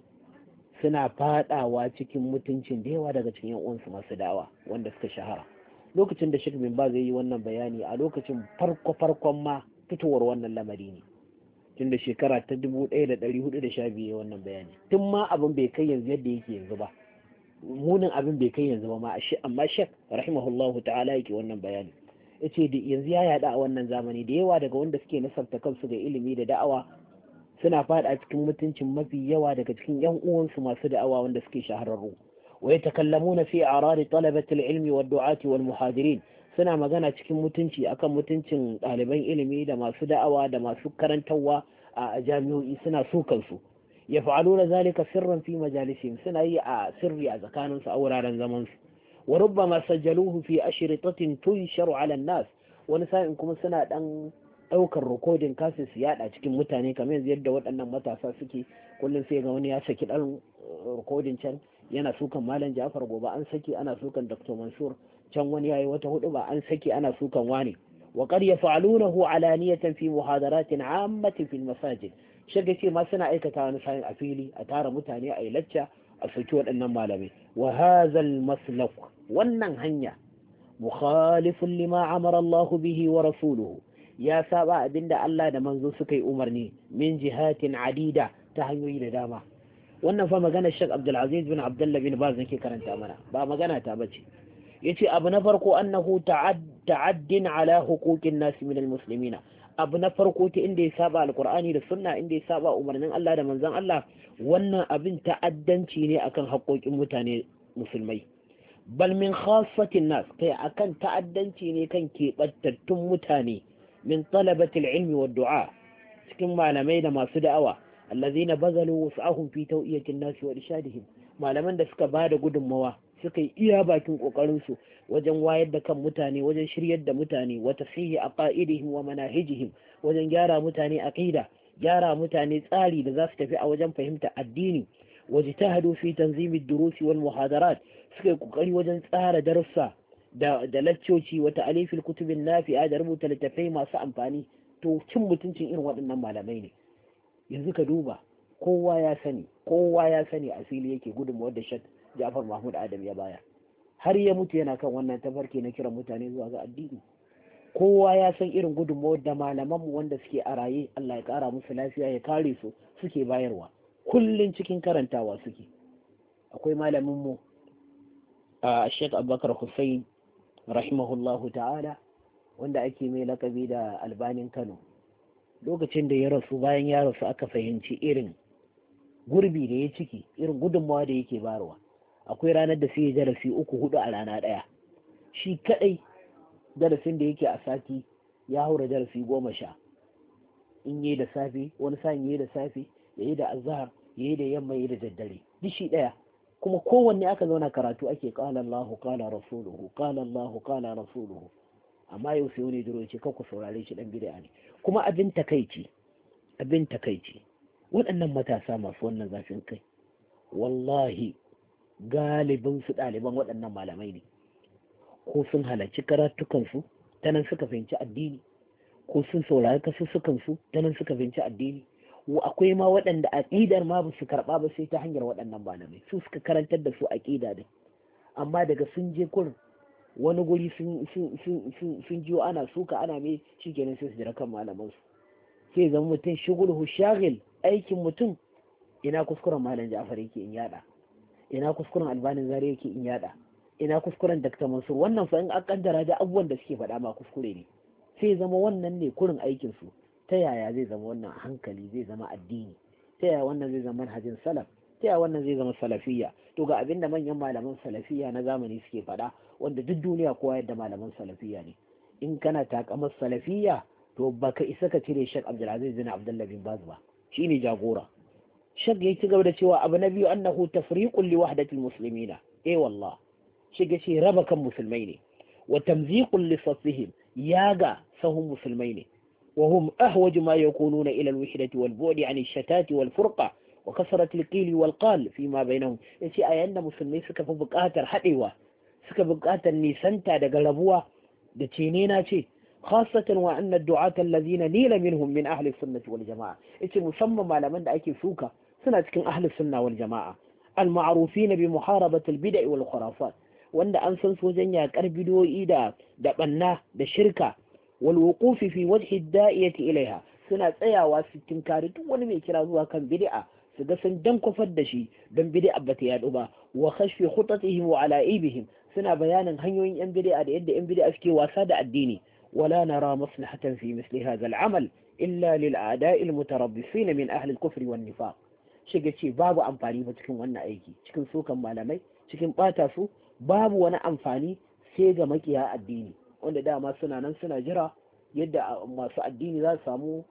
suna fadawa cikin mutuncin da yawa daga cikin uwansu masu da'awa wanda suka shahara lokacin da Sheikh bin Baz yi wannan bayani a lokacin farko farkon ma fitowar wannan lamari ne tun da shekara ta 1412 wannan bayani tun ma abin bai kai yanzu yadda yake yanzu ba munin abin bai kai yanzu ba ma amma shek rahimahullahu ta'ala yake wannan bayani yace da yanzu ya yada a wannan zamani da yawa daga wanda suke nasarta kansu ga ilimi da da'awa suna fada cikin mutuncin mafi yawa daga cikin yan uwansu masu da'awa wanda suke shahararru wa yatakallamuna fi aradi talabati al-ilmi wad-du'ati wal-muhadirin suna magana cikin mutunci akan mutuncin ɗaliban ilimi da masu da'awa da masu karantarwa a jami'o'i suna so kansu ya fa'alu da zalika sirran fi majalisi suna yi a sirri a tsakaninsu a wuraren zamansu wa rubbama sajjaluhu fi ashritatin tunsharu ala nas wani sa'in kuma suna dan daukar rikodin kasin su yada cikin mutane kamar yanzu yadda waɗannan matasa suke kullum sai ga wani ya saki dan rikodin can yana sukan malam Ja'far gobe an saki ana sukan Dr. Mansur can wani yayi wata hudu ba an saki ana sukan wani wa qad yaf'alunahu alaniyatan fi muhadaratin 'ammatin fil masajid shirka ce ma suna aikata wani sayin a fili a tara mutane a yi lacca a soki waɗannan malamai wa hazal maslak wannan hanya mukhalifun lima amara Allahu bihi wa rasuluhu ya saba abinda Allah da manzo suka yi umarni min jihatin adida ta hanyoyi da dama wannan fa magana Sheikh Abdul Aziz bin Abdullah bin Baz nake karanta mana ba magana ta bace yace abu na farko annahu ta'addin ala huquqin nas min almuslimina abu na farko ta inda ya saba alqur'ani da sunna inda ya saba umarnin Allah da manzon Allah wannan abin ta'addanci ne akan haƙoƙin mutane musulmai bal min khassatin nas kai akan ta'addanci ne kan keɓantattun mutane min talabatil ilmi wa du'a cikin malamai da masu da'awa allazina bazalu wasahum fi tawiyatin nas wa irshadihim malaman da suka bada gudunmawa suka yi iya bakin ƙoƙarinsu wajen wayar da kan mutane wajen shiryar da mutane wata fiye a ƙa'idihim wa manahijihim wajen gyara mutane aƙida gyara mutane tsari da za su tafi a wajen fahimta addini waje ta hado fi tanzimin durusi wal muhadarat suka yi ƙoƙari wajen tsara darussa da da laccoci wata alifil kutubin nafi'a da rubuta littattafai masu amfani to cin mutuncin irin waɗannan malamai ne yanzu ka duba kowa ya sani kowa ya sani asili yake gudunmuwar da shakka Ja'far Mahmud Adam ya bayar har ya mutu yana kan wannan tafarki na kiran mutane zuwa ga addini kowa ya san irin gudunmawar da malamanmu wanda suke a raye Allah ya kara musu lafiya ya kare su suke bayarwa Kullum cikin karantawa suke akwai malaminmu a Sheikh Abubakar Hussein rahimahullahu ta'ala wanda ake mai lakabi da albanin Kano lokacin da ya rasu bayan ya rasu aka fahimci irin gurbi da ya ciki irin gudunmawa da yake barwa akwai ranar da sai ya darasi uku hudu a rana ɗaya shi kaɗai darasin da yake a sati ya haura darasi goma sha in yi da safe wani sa'in yi da safe ya yi da azahar, ya yi da yamma ya yi da daddare duk shi ɗaya kuma kowanne aka zauna karatu ake kala Allahu kala rasuluhu kala Allahu kala rasuluhu amma yau sai wani duro ce kar ku saurare shi dan bid'a ne kuma abin takaici abin takaici waɗannan matasa masu wannan zafin kai wallahi galibin su ɗaliban waɗannan malamai ne ko sun halarci karatukansu ta nan suka fahimci addini ko sun saurari kasussukansu ta nan suka fahimci addini akwai ma waɗanda aƙidar ma ba su karɓa ba sai ta hanyar waɗannan malamai su suka karantar da su aƙida din amma daga sun je kurin wani guri sun jiyo ana suka ana mai shikenan sai su jira kan malamansu sai zama mutum hu shagil aikin mutum ina kuskuren malam ja'far yake in yada ina kuskuren albanin zare yake in yada ina kuskuren dakta mansur wannan fa in an kaddara da abubuwan da suke faɗa ma kuskure ne sai zama wannan ne kurin aikin su ta yaya zai zama wannan hankali zai zama addini ta yaya wannan zai zama hajin salaf ta yaya wannan zai zama salafiyya to ga abinda manyan malaman salafiyya na zamani suke faɗa wanda duk duniya kowa yadda malaman salafiyya ne in kana takamar salafiyya to baka isa ka cire shek Abdulaziz bin abdullahi bin Baz ba shine jagora shag ya ci gaba da cewa abu na biyu annahu tafriqun li wahdatil muslimina eh wallah shag ce raba kan musulmai ne wa tamziqun li safihim yaga sahun musulmai ne wa hum ahwaj ma yakununa ila al-wahdati wal an ash-shatati wal furka wa kasrat al walqal wal qal fi ma bainahum yace a yanda musulmai suka fi buƙatar hadewa suka buƙatar nisanta daga rabuwa da cene na ce خاصة وأن الدعاة الذين نيل منهم من أهل السنة والجماعة إتي مسمى ما لمن أكي سوكا سنة كن أهل السنة والجماعة المعروفين بمحاربة البدع والخرافات وأن أنسان سوزنيا كربدو إيدا دبنا دشركة والوقوف في وجه الدائية إليها سنة أيا واسكين كاردو ونمي كرازوها كان بدعة su sun dankwafar da shi don bid'a ba ta yaɗu ba wa khashfi khutatihim wa ala'ibihim suna bayanin hanyoyin yan bid'a da yadda yan bid'a suke wasa da addini ولا نرى fi في مثل هذا العمل إلا للأعداء المتربصين من أهل الكفر wannifa. shiga ce babu amfani ba cikin wannan aiki cikin sukan malamai cikin ɓata su babu wani amfani sai ga makiya addini wanda dama suna nan suna jira yadda masu addini za su samu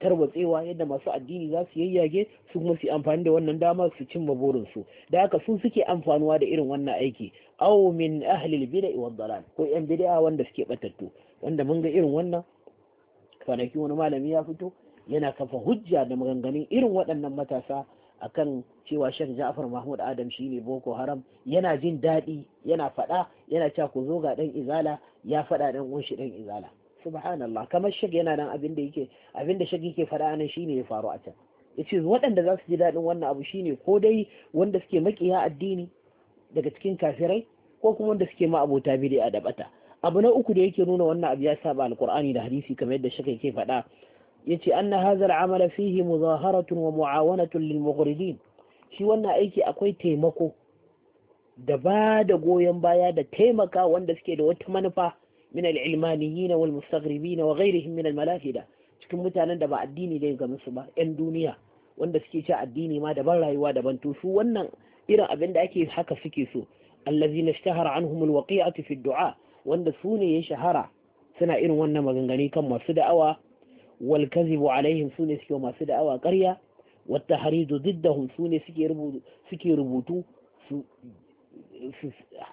tarwatsewa yadda masu addini za su yayyage su kuma su amfani da wannan dama su cimma su da haka su suke amfanuwa da irin wannan aiki aw min ahlil bid'a wad dalal ko yan bid'a wanda suke batattu wanda mun ga irin wannan kwanaki wani malami ya fito yana kafa hujja da maganganun irin waɗannan matasa akan cewa shan Ja'far Mahmud Adam shine Boko Haram yana jin daɗi yana faɗa yana cewa ku zo ga ɗan Izala ya faɗa ɗan unshi ɗan Izala subhanallah kamar shag yana nan abin da yake abin da shag yake faɗa nan shine ya faru a can yace waɗanda za su ji daɗin wannan abu shine ko dai wanda suke makiya addini daga cikin kafirai ko kuma wanda suke ma abota bid'a da bata abu na uku da yake nuna wannan abu ya saba alqur'ani da hadisi kamar yadda shag yake faɗa yace anna hadha al'amala fihi muzaharatun wa mu'awanatun lil mughridin shi wannan aiki akwai taimako da ba da goyon baya da taimaka wanda suke da wata manufa min al-ilmaniyin wal na wa ghayrihim min cikin mutanen da ba addini da ga musu ba yan duniya wanda suke ci addini ma daban rayuwa daban to su wannan irin abin da ake haka suke so allazina shahara an humul waqiatu fi dua wanda su ne ya shahara suna irin wannan maganganu kan masu da'awa wal kazibu alaihim su ne suke masu da'awa ƙarya wata haridu diddahum su ne suke rubutu su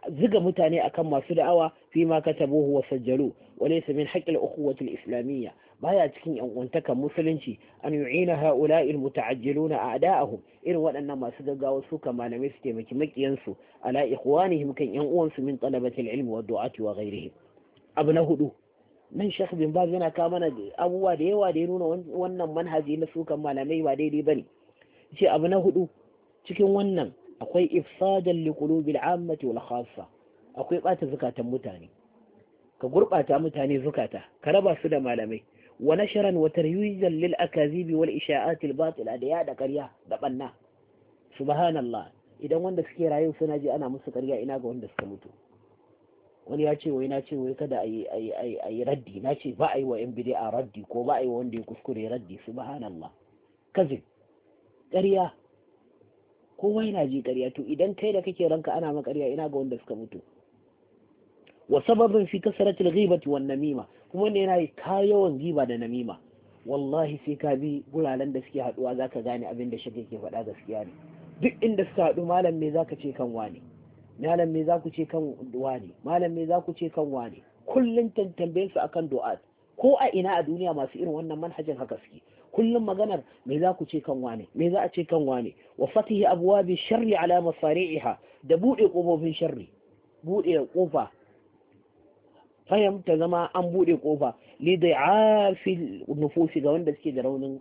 ziga mutane akan masu da'awa fi ma katabuhu wa sajjalu wa laysa min haqqil ukhuwati al-islamiyya baya cikin yan uwantakan musulunci an yu'ina ha'ula'i al-muta'ajjiluna a'da'ahum irin waɗannan masu gaggawa su ka malamai su taimaki makiyansu ala ikhwanihim kan yan uwansu min talabati al-ilm wa du'ati wa ghayrihim abu na hudu nan Sheikh bin Baz yana kawo mana abubuwa da yawa da ya nuna wannan manhaji na sukan malamai ba daidai bane shi abu na hudu cikin wannan akwai ifsadan li qulubil ammati wal khassa akwai bata zukatan mutane ka gurbata mutane zukata ka raba su da malamai wa nasharan wa taryizan lil akazibi wal isha'at al batila da yada ƙarya da banna subhanallah idan wanda suke rayu suna ji ana musu ƙarya ina ga wanda suka mutu wani ya ce wai na ce wai kada ayi ayi raddi na ce ba a wa yan bid'a raddi ko ba a yi wanda ya kuskure raddi subhanallah kazin ƙarya kowa yana ji ƙarya to idan kai da kake ranka ana makarya ina ga wanda suka mutu wa sababin fi kasaratil ghibati wan namima kuma ne yana ka yawan giba da namima wallahi sai ka bi guraren da suke haduwa zaka gane abin da shi ke faɗa gaskiya ne duk inda suka haɗu malam me zaka ce kan wani malam me zaku ce kan wani malam me zaku ce kan wani kullun tantambe su akan du'a ko a ina a duniya masu irin wannan manhajin haka suke kullum maganar me za ku ce kan wane me za a ce kan wane wa fatihi abwabi sharri ala masari'iha da bude kofofin sharri bude kofa ta zama an bude kofa li da'afil nufusi ga wanda suke da raunin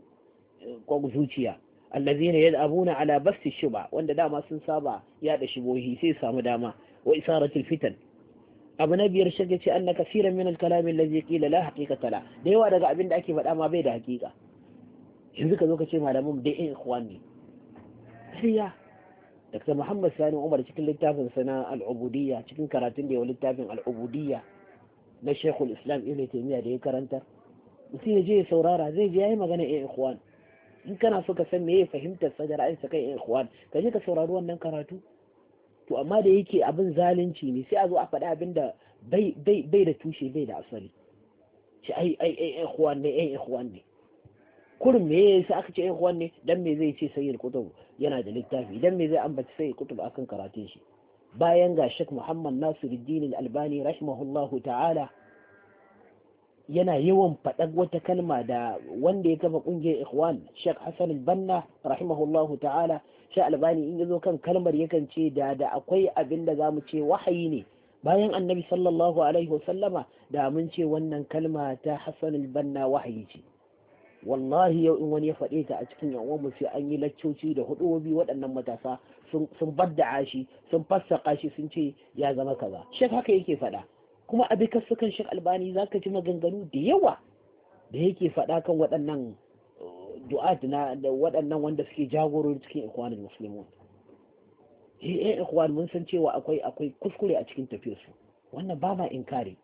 eh, zuciya allazina yad'abuna ala basti shuba wanda dama sun saba yada shibohi sai samu dama wa isaratul fitan abu na biyar shirya ce an na kafiran min alkalamin lazi kila la haƙiƙa la da yawa daga abin da ake faɗa ma bai da haƙiƙa yanzu ka zo ka ce malamin da ɗin ikhwan ne kariya Dr. Muhammad Sani Umar cikin littafin sana al'ubudiyya cikin karatun da yawa littafin al'ubudiyya na shekul Islam Ibn taimiyya da ya karanta mutum ya je ya saurara zai je ya yi magana ɗin ikhwan in kana so ka san me ya fahimtar sa da ra'ayinsa kai ɗin ikhwan ka je ka saurari wannan karatu to amma da yake abin zalunci ne sai a zo a faɗi abin da bai da tushe bai da asali shi ai ai ai ikhwan ne ai ikhwan ne kurin me yasa aka ce ikhwan ne dan me zai ce sayyid kutub yana da littafi dan me zai ambaci sayyid kutub akan karatun shi bayan ga Sheikh Muhammad Nasiruddin Al-Albani rahimahullahu ta'ala yana yawan faɗak wata kalma da wanda ya kafa ƙungiyar ikhwan Sheikh Hassan Al-Banna rahimahullahu ta'ala Sheikh Albani in zo kan kalmar yakan ce da da akwai abin da zamu ce wahayi ne bayan annabi sallallahu alaihi wasallama da mun ce wannan kalma ta Hassan Al-Banna wahayi ce wallahi yau in wani ya faɗe ta a cikin yan uwan sai an yi laccoci da hudubobi waɗannan matasa sun da ashi, sun fassaka shi sun ce ya zama kaza shek haka yake faɗa kuma a bikar sukan shek albani za ka ji maganganu da yawa da yake faɗa kan waɗannan uh, du'at na da waɗannan wanda suke jagorori cikin ikwanin musulmi eh, eh ikwan mun san cewa akwai akwai kuskure a cikin tafiyarsu wannan ba ma inkari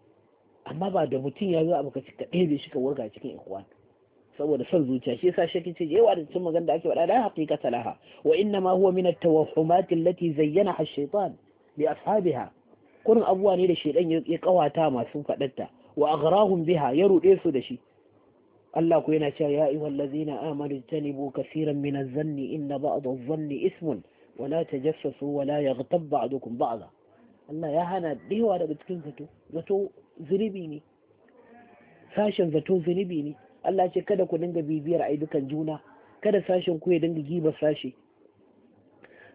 amma ba da mutum ya zo baka cika ɗebe shi ka wurga cikin ikwan saboda son zuciya shi yasa shi ce yawa da cikin magana da ake faɗa da haqiqata laha wa inna ma huwa min at-tawahhumat allati zayyana ash-shaytan li ashabiha kurin abuwa ne da shedan ya kawata masu fadarta wa aghrahum biha ya rude su da shi Allah ku yana cewa ya ayyuhal ladzina amanu tanibu kaseeran min az-zanni inna ba'd az-zanni ismun wa la tajassasu wa la yaghtab ba'dukum ba'da Allah ya hana da yawa daga cikin zato zato zunubi ne sashen zato zunubi ne Allah ce kada ku dinga bibiyar ayyukan juna kada sashen ku ya dinga giba sashi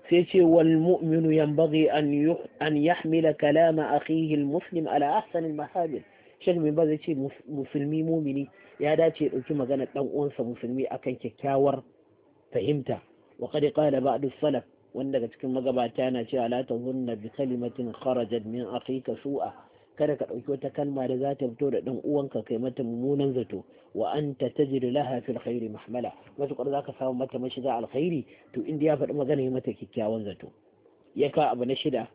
sai ce wal mu'minu yanbaghi an an yahmila kalama akhihi al muslim ala ahsan al mahabil ce musulmi mumini ya dace ya dauki magana dan uwansa musulmi akan kyakkyawar fahimta wa qad qala ba'd duk salaf wanda daga cikin magabata yana cewa la tazunna bi kalimatin kharajat min akhika su'a kada ka ɗauki wata kalma da za ta fito da ɗan uwanka kai mata mummunan zato wa anta tajiri laha fil khairi mahmala matuƙar za ka samu mata mashiga alkhairi to inda ya faɗi magana ya mata kyakkyawan zato ya ka abu na shida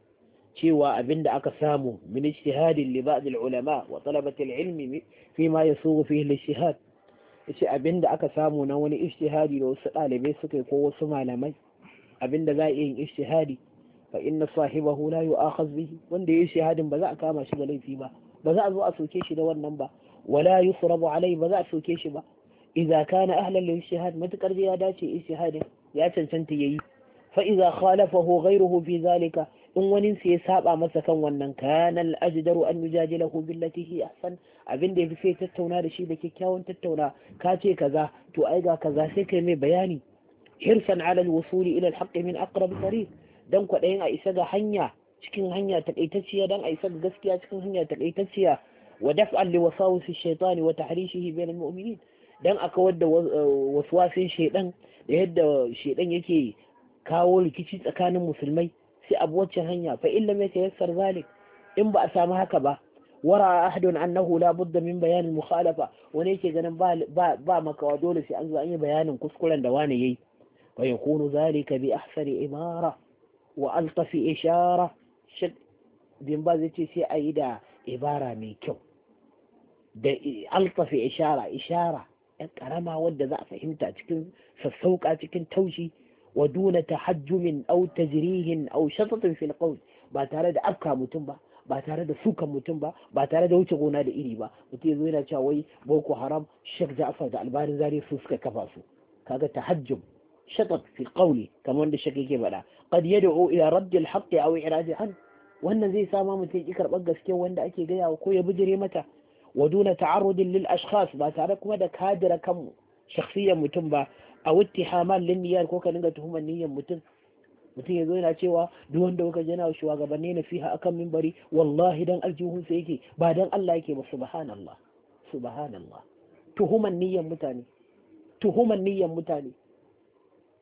cewa abin da aka samu min ijtihadin li ba'd al ulama wa talabati al ilmi fi ma yasugu fihi al ijtihad yace abin da aka samu na wani ijtihadi da wasu ɗalibai suka yi ko wasu malamai abin da za a iya yin ijtihadi fa inna sahibahu la yu'akhaz bihi wanda yayi shahadin ba za a kama shi da laifi ba ba za a zo a soke shi da wannan ba wala yusrabu alai ba za a soke shi ba idza kana ahlan lil shahad matakar ya dace ishihadin ya cancanta yayi fa idza khalafahu ghayruhu fi zalika in wani su ya saba masa kan wannan kana al ajdaru an yujadilahu billati hi ahsan da yafi sai tattauna da shi da kyakkyawan tattauna ka ce kaza to ai ga kaza sai kai mai bayani hirsan ala al wusuli ila al haqq min aqrab tariq dan kwaɗayin a isa ga hanya cikin hanya takaitacciya dan a isa ga gaskiya cikin hanya takaitacciya wa daf'an li wasawisi shaytani wa tahrishihi bainal mu'minin dan a kawar da waswasin shaidan da yadda shaidan yake kawo rikici tsakanin musulmai sai abu wacce hanya fa in ta yassar zalik in ba a samu haka ba wara ahadun annahu la budda min bayan mukhalafa wani yake ganin ba ba makawa dole sai an zo an yi bayanin kuskuren da wani yayi fa yakunu zalika bi ahsani imara wa altafi ishara shek zai ce sai a yi da ibara mai kyau da alkafi ishara ishara yan karama wadda za a fahimta cikin sassauka cikin taushi wa duna tahajjumin au tajrihin au shatatin fil ba tare da afka mutum ba ba tare da sukan mutum ba ba tare da wuce gona da iri ba mutum ya zo yana cewa wai boko haram shek ja'far da albarin zari su suka kafa su kaga tahajjum shatat fi qawli kamar wanda shek yake faɗa. qad da ila radd al-haqq aw iradi an wannan zai sa ma mutum ya karɓar gaske, wanda ake gaya ko ya bijire mata wa duna ta'arrudin lil ashkhas ba tare kuma da kadira kan shakhsiyar mutum ba a wuttihaman lin niyyar ko ka dinga tuhumar niyyar mutum mutum yazo yana cewa duk wanda kuka jana shugabanni na fiha akan minbari wallahi dan aljihun sa yake ba dan Allah yake ba subhanallah subhanallah Tuhumar niyyar mutane niyyar mutane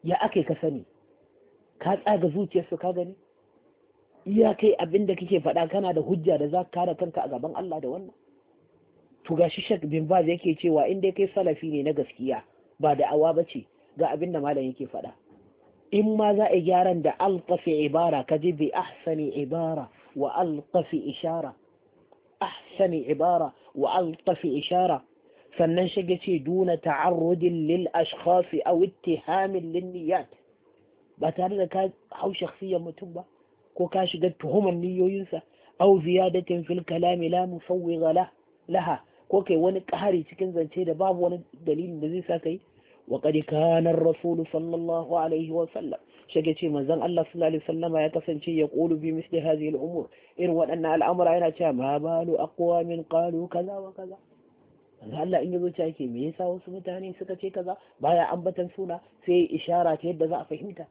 ya ake ka sani ka tsaga zuciyarsu ka gani iya kai abin da kake faɗa kana da hujja da za ka kare kanka a gaban Allah da wannan to gashi Sheikh bin Baz yake cewa in dai kai salafi ne na gaskiya ba da awa bace ga abin da malam yake faɗa in ma za a gyaran da alqafi ibara ka ji bi ahsani ibara wa alqafi ishara ahsani ibara wa alqafi ishara sannan shige ce duna ta'arrudin lil ashkhas aw ittihamin lin niyyat ba tare da ka hau shakhsiyar mutum ba ko ka shiga tuhumar niyoyinsa au ziyadatin fil kalami la musawwiga laha ko kai wani ƙari cikin zance da babu wani dalilin da zai sa kai wa qad kana ar-rasul sallallahu alaihi wa sallam shage ce manzon Allah sallallahu alaihi wasallama ya kasance ya qulu bi misli hadhihi al-umur irin waɗannan al'amura yana cewa ma balu aqwamin qalu kaza wa kaza manzon Allah in yazo ce yake me yasa wasu mutane suka ce kaza baya ambatan suna sai ishara ta yadda za a fahimta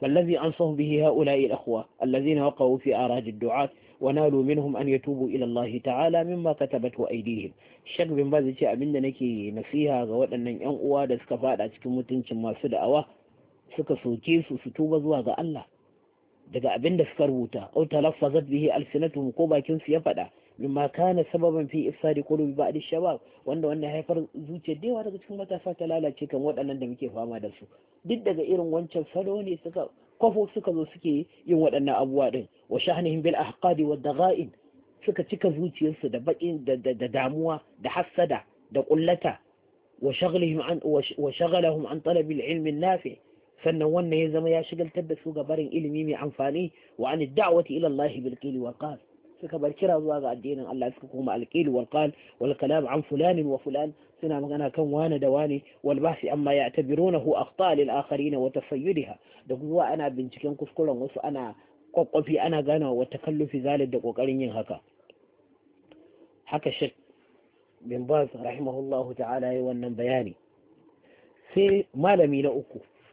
فالذي أنصه به هؤلاء الأخوة الذين وقعوا في آراج الدعاة ونالوا منهم أن يتوبوا إلى الله تعالى مما كتبته أيديهم الشك من بعض الشيء من أنك نفيها غوات أن ينقوا دسكفاء أتكموتين كما سد سكسوا كيف ستوبة زواغ الله دقاء بند سكربوتا أو تلفظت به ألسنتهم قوبا كنسي فدا mimma kana sababan fi ifsadi qulubi ba'd shabab wanda wannan haifar zuciyar da yawa daga cikin matasa ta lalace kan waɗannan da muke fama da su duk daga irin wancan salo ne suka kwafo suka zo suke yin waɗannan abubuwa din wa shahnihim bil ahqadi wad dagha'in suka cika zuciyarsu da bakin da damuwa da hassada da kullata wa shaghlihim an wa shaghalahum an talab al ilm an nafi sannan wannan ya zama ya shigaltar da su ga barin ilimi mai amfani wa an da'wati ila Allah bil qili suka bar kira zuwa ga addinin Allah suka koma alqil wal qal wal kalam an fulan wa fulan suna magana kan wane da wane wal bahsi amma ya'tabirunahu akhta lil akharin wa tafayyudha da kuma ana binciken kuskuren wasu ana kwakwafi ana gana wa takallufi zalid da kokarin yin haka haka shek bin baz rahimahullahu ta'ala yi wannan bayani sai malami na uku